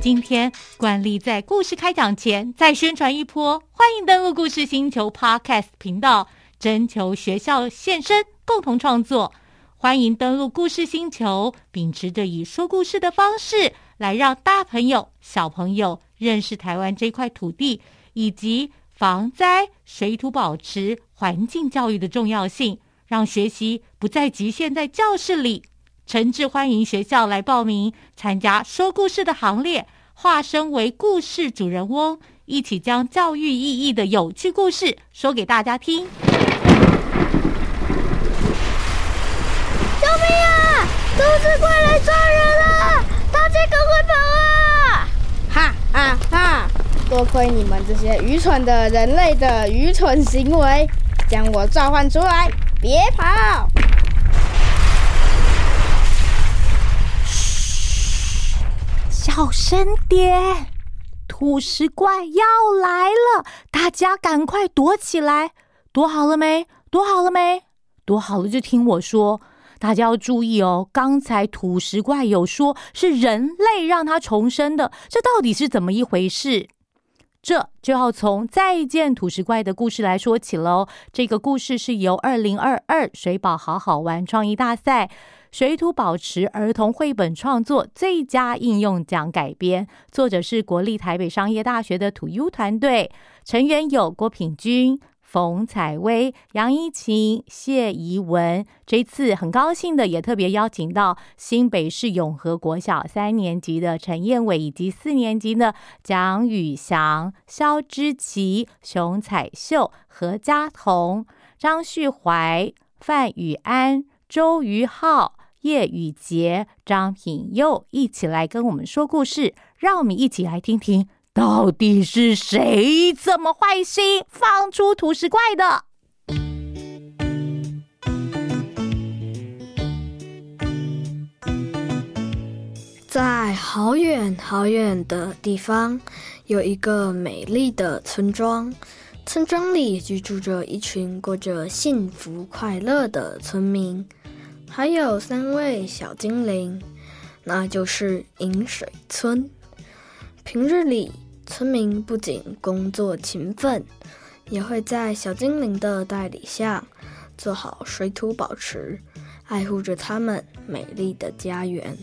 今天慣例在故事開講前再宣傳一波，歡迎登陸故事星球 Podcast 頻道，徵求學校現身共同創作。歡迎登陸故事星球，秉持着以說故事的方式來讓大朋友、小朋友認識臺灣這塊土地，以及防災、水土保持、環境教育的重要性，讓學習不再局限在教室裡。誠摯歡迎學校來報名參加說故事的行列，化身為故事主人翁，一起將教育意義的有趣故事說給大家聽。救命啊！土石怪快來抓人了，啊，大家趕快跑啊！哈哈哈，多虧你們這些愚蠢的人類的愚蠢行為，將我召喚出來，別跑！小聲點，土石怪要來了，大家趕快躲起來！躲好了沒？躲好了沒？躲好了就聽我說，大家要注意哦。剛才土石怪有說是人類讓它重生的，這到底是怎麼一回事？這就要從再見土石怪的故事來說起嘍、哦。這個故事是由二零二二水保好好玩創意大賽。水土保持兒童繪本創作最佳應用獎改編，作者是國立台北商業大學的土 U 團隊，成員有郭品均、馮采葳、楊依芩、謝宜彣。這次很高興的也特別邀請到新北市永和國小三年級的陳諺煒，以及四年級的蔣宇翔、蕭知棋、熊彩秀、何佳曈、張絮淮、范瑀安、周於皓。葉宇婕、張品宥一起來跟我們說故事，讓我們一起來聽聽，到底是誰這麼壞心，放出土石怪的？在好遠好遠的地方，有一個美麗的村莊，村莊裡居住着一群過着幸福快樂的村民。還有三位小精靈，那就是飲水村。平日裡，村民不僅工作勤奮，也會在小精靈的帶領下做好水土保持，愛護着他們美麗的家園。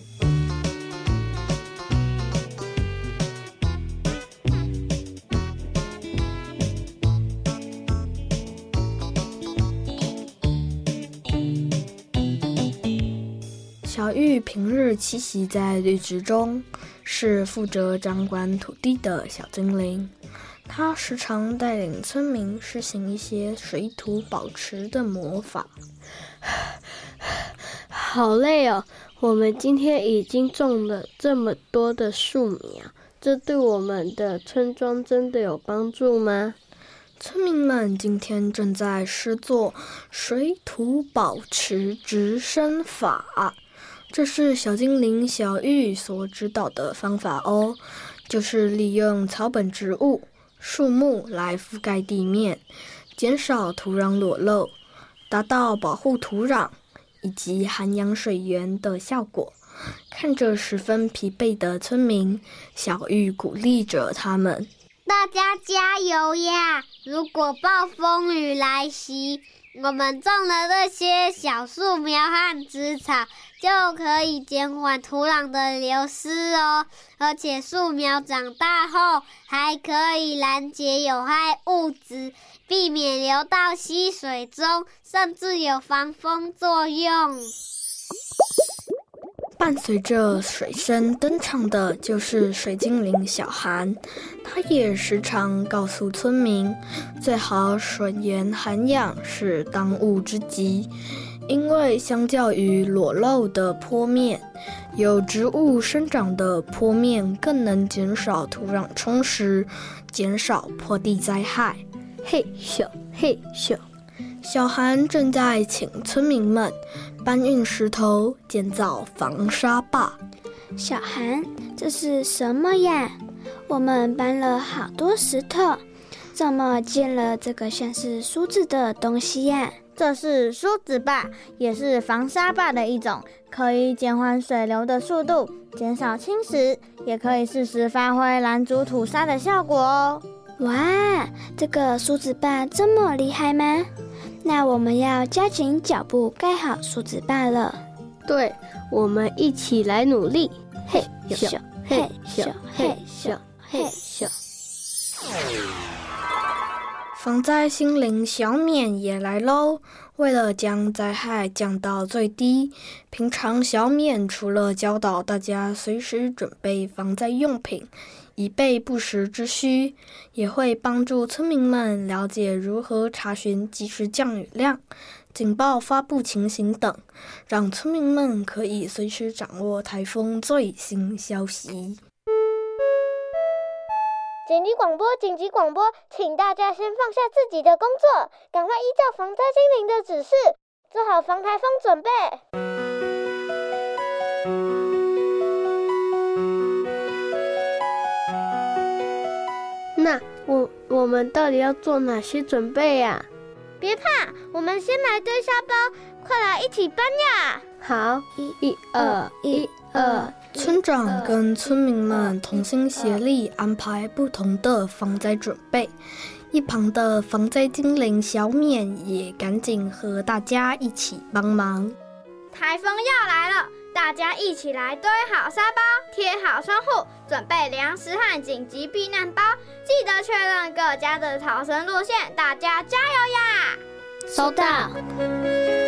平日棲息在綠植中，是負責掌管土地的小精靈。他時常帶領村民施行一些水土保持的魔法。好累哦！我們今天已經種了這麼多的樹苗，啊，這對我們的村莊真的有幫助嗎？村民們今天正在施作水土保持植生法。這是小精靈小玉所指導的方法哦，就是利用草本植物、樹木來覆蓋地面，減少土壤裸露，達到保護土壤以及涵養水源的效果。看着十分疲憊的村民，小玉鼓勵着他們：“大家加油呀！如果暴風雨來襲……”我們種了那些小樹苗和植草，就可以減緩土壤的流失哦。而且樹苗長大後，還可以攔截有害物質，避免流到溪水中，甚至有防風作用。伴隨着水聲登場的就是水精靈小韓，他也時常告訴村民，最好水源涵養是當務之急，因為相較於裸露的坡面，有植物生長的坡面更能減少土壤沖蝕，減少坡地災害。嘿咻嘿咻，小韓正在請村民們。搬運石頭，建造防沙壩。小韓，這是什麼呀？我們搬了好多石頭，怎麼建了這個像是梳子的東西呀？這是梳子壩，也是防沙壩的一種，可以減緩水流的速度，減少侵蝕，也可以適時發揮攔阻土沙的效果哦。哇，這個梳子壩這麼厲害嗎？那我們要加緊腳步蓋好樹子罷了。對，我們一起來努力。嘿咻嘿咻嘿咻嘿咻。防災心靈小免也來嘍。為了將災害降到最低，平常小免除了教導大家隨時準備防災用品。以備不時之需，也會幫助村民們了解如何查詢即時降雨量、警報發布情形等，讓村民們可以隨時掌握颱風最新消息。緊急廣播！緊急廣播！請大家先放下自己的工作，趕快依照防災精靈的指示，做好防颱風準備。我們到底要做哪些準備呀、啊？別怕，我們先來堆沙包，快來一起搬呀！好，一、一、二，一、二。村長跟村民們同心協力安排不同的防災準備，一旁的防災精靈小冕也趕緊和大家一起幫忙。台風要來了，大家一起來堆好沙包。貼好窗戶，準備糧食和緊急避難包，記得確認各家的逃生路線。大家加油呀！收到。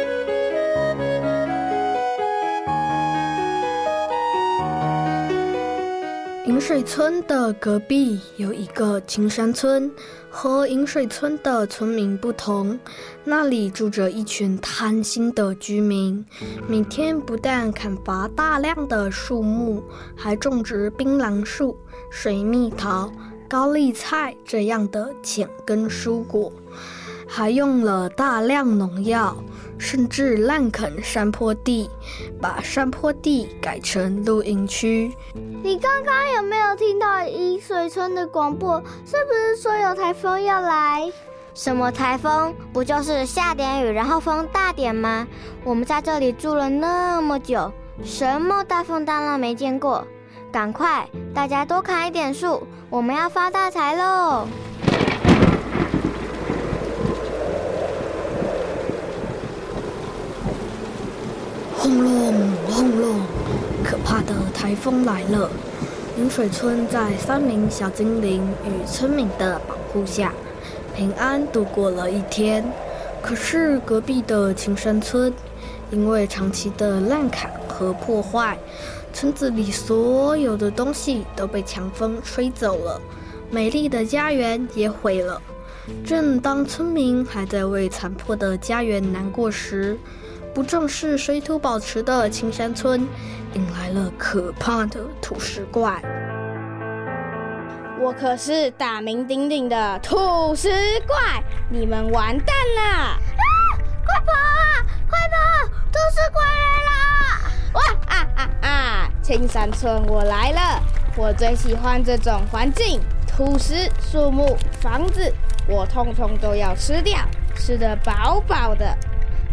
銀水村的隔壁有一個青山村，和銀水村的村民不同，那裡住着一群貪心的居民，每天不但砍伐大量的樹木，還種植檳榔樹、水蜜桃、高麗菜這樣的淺根蔬果。還用了大量農藥，甚至濫墾山坡地，把山坡地改成露營區。你剛剛有沒有聽到沂水村的廣播？是不是說有台風要來？什麼台風？不就是下點雨，然後風大點嗎？我們在這裡住了那麼久，什麼大風大浪沒見過？趕快，大家多砍一點樹，我們要發大財嘍！轟隆，轟隆！可怕的颱風來了。雲水村在三名小精靈與村民的保護下，平安度過了一天。可是隔壁的青山村，因為長期的濫砍和破壞，村子裡所有的東西都被強風吹走了，美麗的家園也毀了。正當村民還在為殘破的家園難過時，不重視水土保持的青山村，引來了可怕的土石怪。我可是大名鼎鼎的土石怪，你們完蛋了！啊，快跑啊！快跑！土石怪來了！哇啊啊啊！青山村，我來了！我最喜歡這種環境，土石、樹木、房子，我通通都要吃掉，吃得飽飽的。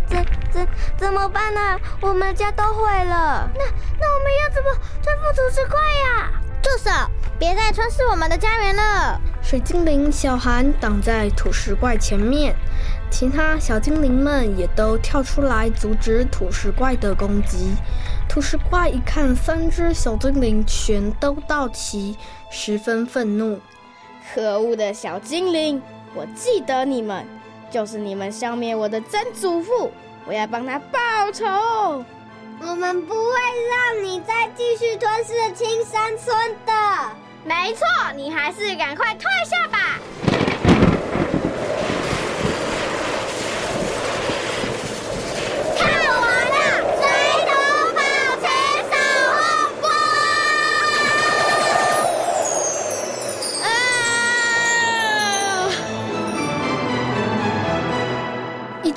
怎怎怎麼辦呢、啊？我們家都毀了。那那我們要怎麼對付土石怪呀、啊？住手！別再吞噬我們的家園了。水精靈小韓擋在土石怪前面，其他小精靈們也都跳出來阻止土石怪的攻擊。土石怪一看三隻小精靈全都到齊，十分憤怒。可惡的小精靈，我記得你們。就是你們消滅我的曾祖父，我要幫他報仇。我們不會讓你再繼續吞噬青山村的。沒錯，你還是趕快退下吧。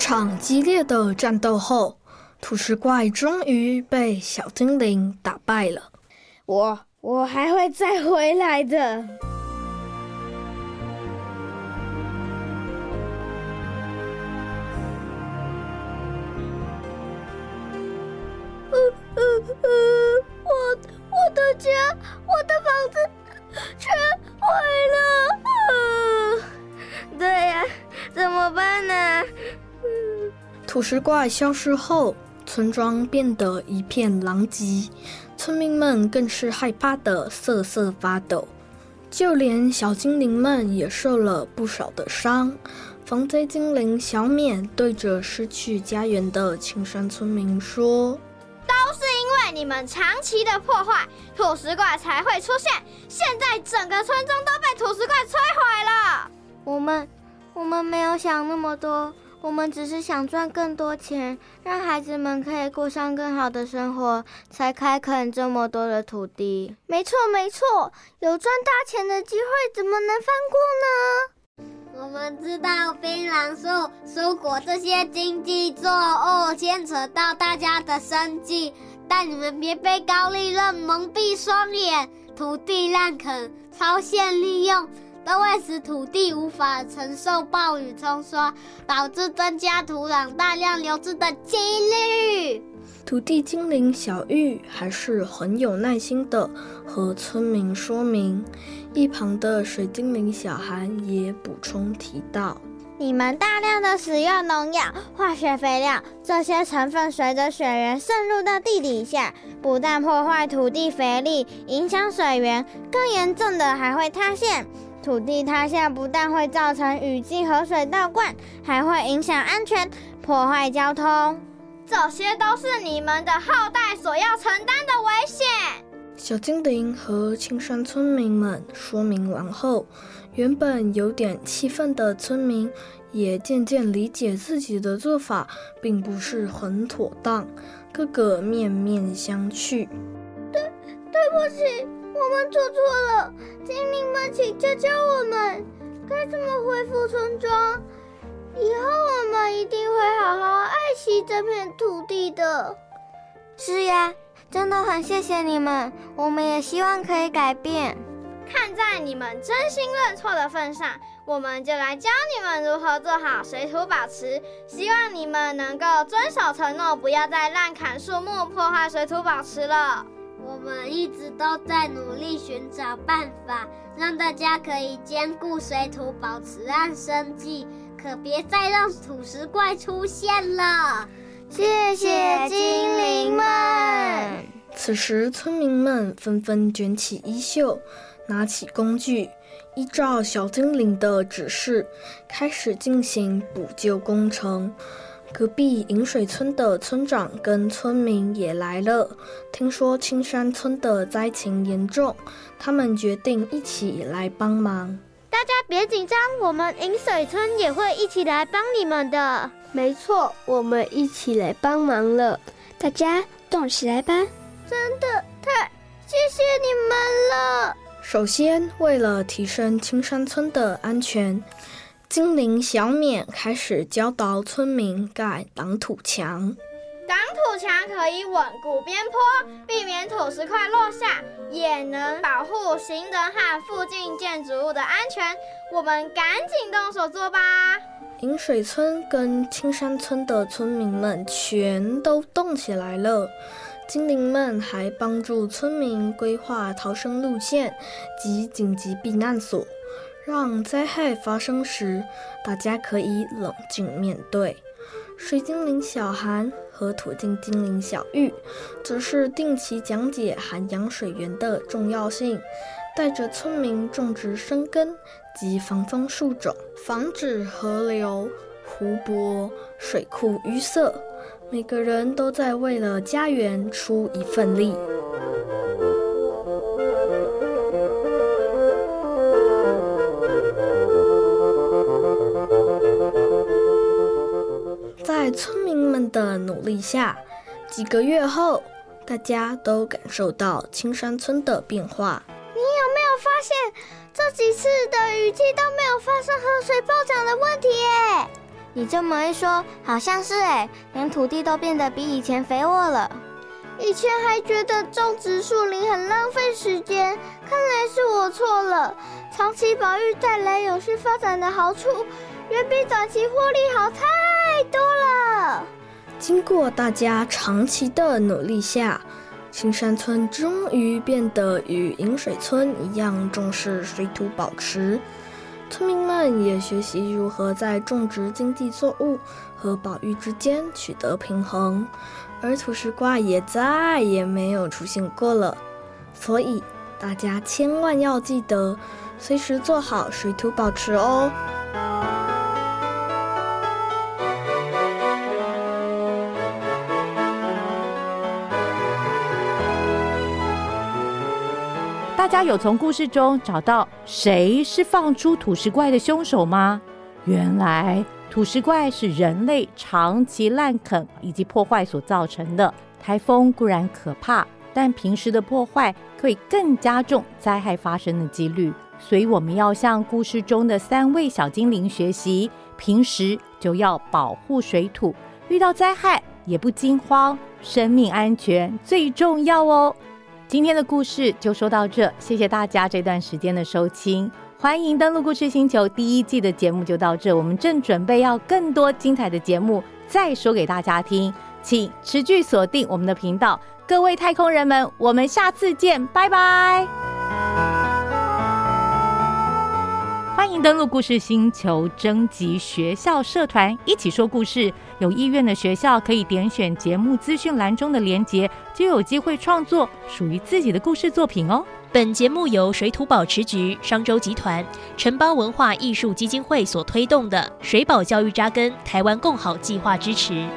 場激烈的戰鬥後，土石怪終於被小精靈打敗了。我我還會再回來的。呃，呃，我，我的家，我的房子全毀了。呃，對呀，啊，怎麼辦呢？土石怪消失後，村莊變得一片狼藉，村民們更是害怕的瑟瑟發抖，就連小精靈們也受了不少的傷。防災精靈小冕對着失去家園的青山村民說：“都是因為你們長期的破壞，土石怪才會出現。現在整個村莊都被土石怪摧毀了。我們，我們沒有想那麼多。”我們只是想賺更多錢，讓孩子們可以過上更好的生活，才開墾這麼多的土地。沒錯，沒錯，有賺大錢的機會，怎麼能放過呢？我們知道檳榔樹、蔬果這些經濟作物，哦，牽扯到大家的生計，但你們別被高利潤蒙蔽雙眼，土地濫墾、超限利用。都會使土地無法承受暴雨沖刷，導致增加土壤大量流失的幾率。土地精靈小玉還是很有耐心的和村民說明。一旁的水精靈小韓也補充提到：你們大量的使用農藥、化學肥料，這些成分隨着水源滲入到地底下，不但破壞土地肥力，影響水源，更嚴重的還會塌陷。土地塌陷不但會造成雨季河水倒灌，還會影響安全、破壞交通，這些都是你們的後代所要承擔的危險。小精靈和青山村民們說明完後，原本有點氣憤的村民也漸漸理解自己的做法並不是很妥當，個個面面相覷。對，對不起。我們做錯了，精靈們，請教教我們該怎麼恢復村莊。以後我們一定會好好愛惜這片土地的。是呀，真的很謝謝你們。我們也希望可以改變。看在你們真心認錯的份上，我們就來教你們如何做好水土保持。希望你們能夠遵守承諾，不要再濫砍樹木，破壞水土保持了。我們一直都在努力尋找辦法，讓大家可以兼顧水土保持和生計，可別再讓土石怪出現了。謝謝精靈們！此時，村民們紛紛捲起衣袖，拿起工具，依照小精靈的指示，開始進行補救工程。隔壁引水村的村長跟村民也來了。聽說青山村的災情嚴重，他們決定一起來幫忙。大家別緊張，我們引水村也會一起來幫你們的。沒錯，我們一起來幫忙了。大家動起來吧！真的太謝謝你們了。首先，為了提升青山村的安全。精靈小冕開始教導村民蓋擋土牆，擋土牆可以穩固邊坡，避免土石塊落下，也能保護行人和附近建築物的安全。我們趕緊動手做吧！引水村跟青山村的村民們全都動起來了。精靈們還幫助村民規劃逃生路線及緊急避難所。讓災害發生時，大家可以冷靜面對。水精靈小寒和土精靈小玉，則是定期講解涵養水源的重要性，帶着村民種植生根及防風樹種，防止河流、湖泊、水庫淤塞。每個人都在為了家園出一份力。的努力下，幾個月後，大家都感受到青山村的變化。你有沒有發現，這幾次的雨季都沒有發生河水暴漲的問題？哎，你這麼一說，好像是哎，連土地都變得比以前肥沃了。以前還覺得種植樹林很浪費時間，看來是我錯了。長期保育帶來永續發展的好處，遠比短期獲利好太多了。經過大家長期的努力下，青山村終於變得與飲水村一樣重視水土保持，村民們也學習如何在種植經濟作物和保育之間取得平衡，而土石怪也再也沒有出現過了。所以大家千萬要記得，隨時做好水土保持哦。大家有從故事中找到誰是放出土石怪的兇手嗎？原來土石怪是人類長期濫墾以及破壞所造成的。颱風固然可怕，但平時的破壞可以更加重災害發生的幾率。所以我們要向故事中的三位小精靈學習，平時就要保護水土，遇到災害也不驚慌，生命安全最重要哦。今天的故事就說到這，謝謝大家這段時間的收聽，歡迎登陸故事星球。第一季的節目就到這，我們正準備要更多精彩的節目再說給大家聽，請持續鎖定我們的頻道，各位太空人們，我們下次見，拜拜。歡迎登錄故事星球，徵集學校社團一起說故事。有意願的學校可以點選節目資訊欄中的鏈接，就有機會創作屬於自己的故事作品哦。本節目由水土保持局、商周集團、城邦文化藝術基金會所推動的“水保教育扎根台灣共好計劃”支持。